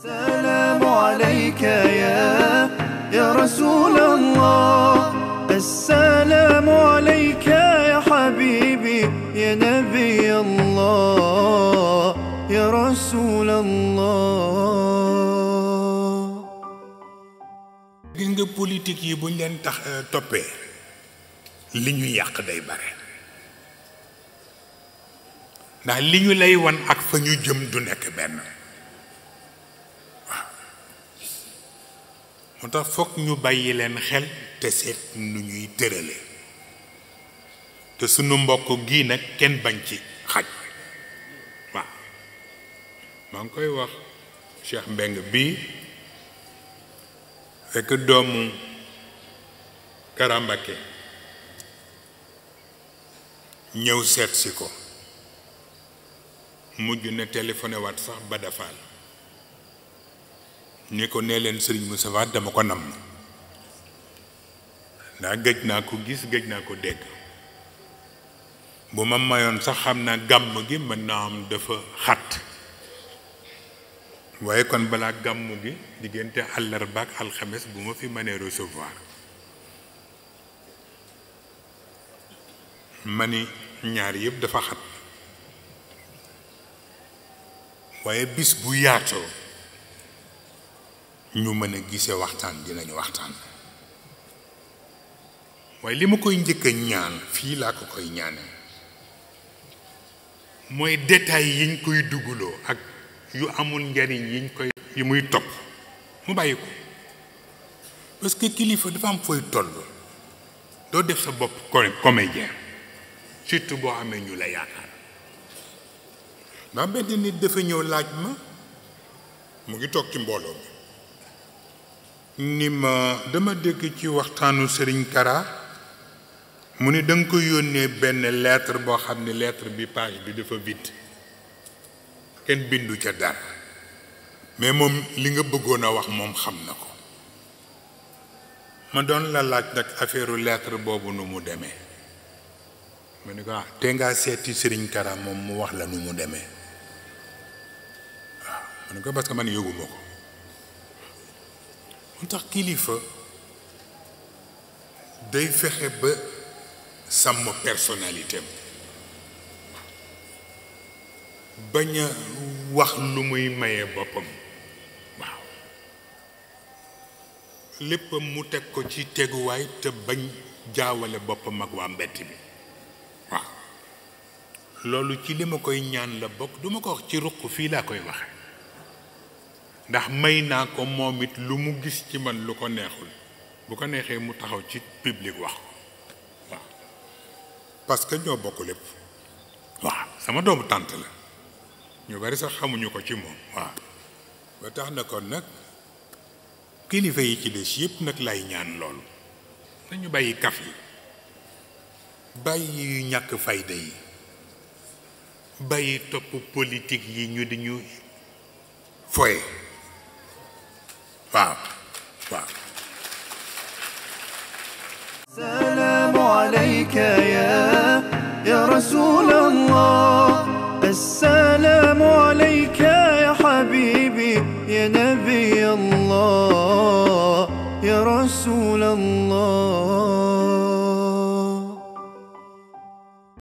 السلام عليك يا يا رسول الله السلام عليك يا حبيبي يا نبي الله يا رسول الله gis nga politique yi buñ leen tax toppee li ñu yàq day bare ndax li ñu lay wan ak fa ñu jëm du nekk benn moo tax foog ñu bàyyi leen xel te seet nu ñuy tërale te sunu mbokk gii nag kenn bañ ci xaj waaw maa ngi koy wax Cheikh Mbeng bii fekk doomu Karambake ñëw seetsi ko mujj na téléphoné waat sax ba dafaal ne ko nee leen sëriñ Moustapha dama ko nam ndax géej naa ko gis géej naa ko dégg bu ma mayoon sax xam naa gàmm gi mën naa am dafa xat waaye kon balaa gàmm gi diggante àllarba ak bu ma fi mënee recevoir ma ni ñaar yëpp dafa xat waaye bis bu yaatoo ñu mën a gisee waxtaan dinañu waxtaan waaye li ma koy njëkk a ñaan fii laa ko koy ñaane mooy détail yiñ koy dugguloo ak yu amul njariñ yiñ koy yi muy topp mu bàyyi ko parce que kilifa dafa am fooy toll doo def sa bopp comédien surtout boo amee ñu la yaakaar ndax benn nit dafa ñëw laaj ma mu ngi toog ci mbooloo mi Nima, dama dégg ci waxtaanu sëriñ kara mu ni da nga ko yónnee benn lettre boo xam ne lettre bi page bi dafa vite kenn bindu ca dar mais moom li nga bëggoon a wax moom xam na ko ma doon la laaj nag affaireu lettre boobu nu mu demee ma ko ah te ngaa kara moom mu wax la nu mu demee waaw ah, ma ko parce que man yëguma ko mu tax kilifa day fexe ba sàmm personnalité bañ a wax lu muy maye boppam waaw léppam mu teg ko ci teguwaay te bañ jaawale boppam ak waa mbett bi waaw loolu ci li ma koy ñaan la bokk duma ko wax ci ruq fii laa koy waxe ndax may naa ko moom it lu mu gis ci man lu ko neexul bu ko neexee mu taxaw ci public wax ko waaw parce que ñoo bokk lépp waaw sama doomu tànt la ñu bari sax xamuñu ko ci moom waaw ba tax na ko nag kilifa yi ci des yépp nag lay ñaan loolu dañu bàyyi kaf yi bàyyi yu ñàkk fayda yi bàyyi topp politique yi ñu di ñu foye waaw السلام عليك يا يا رسول الله السلام عليك يا حبيبي يا نبي الله يا رسول الله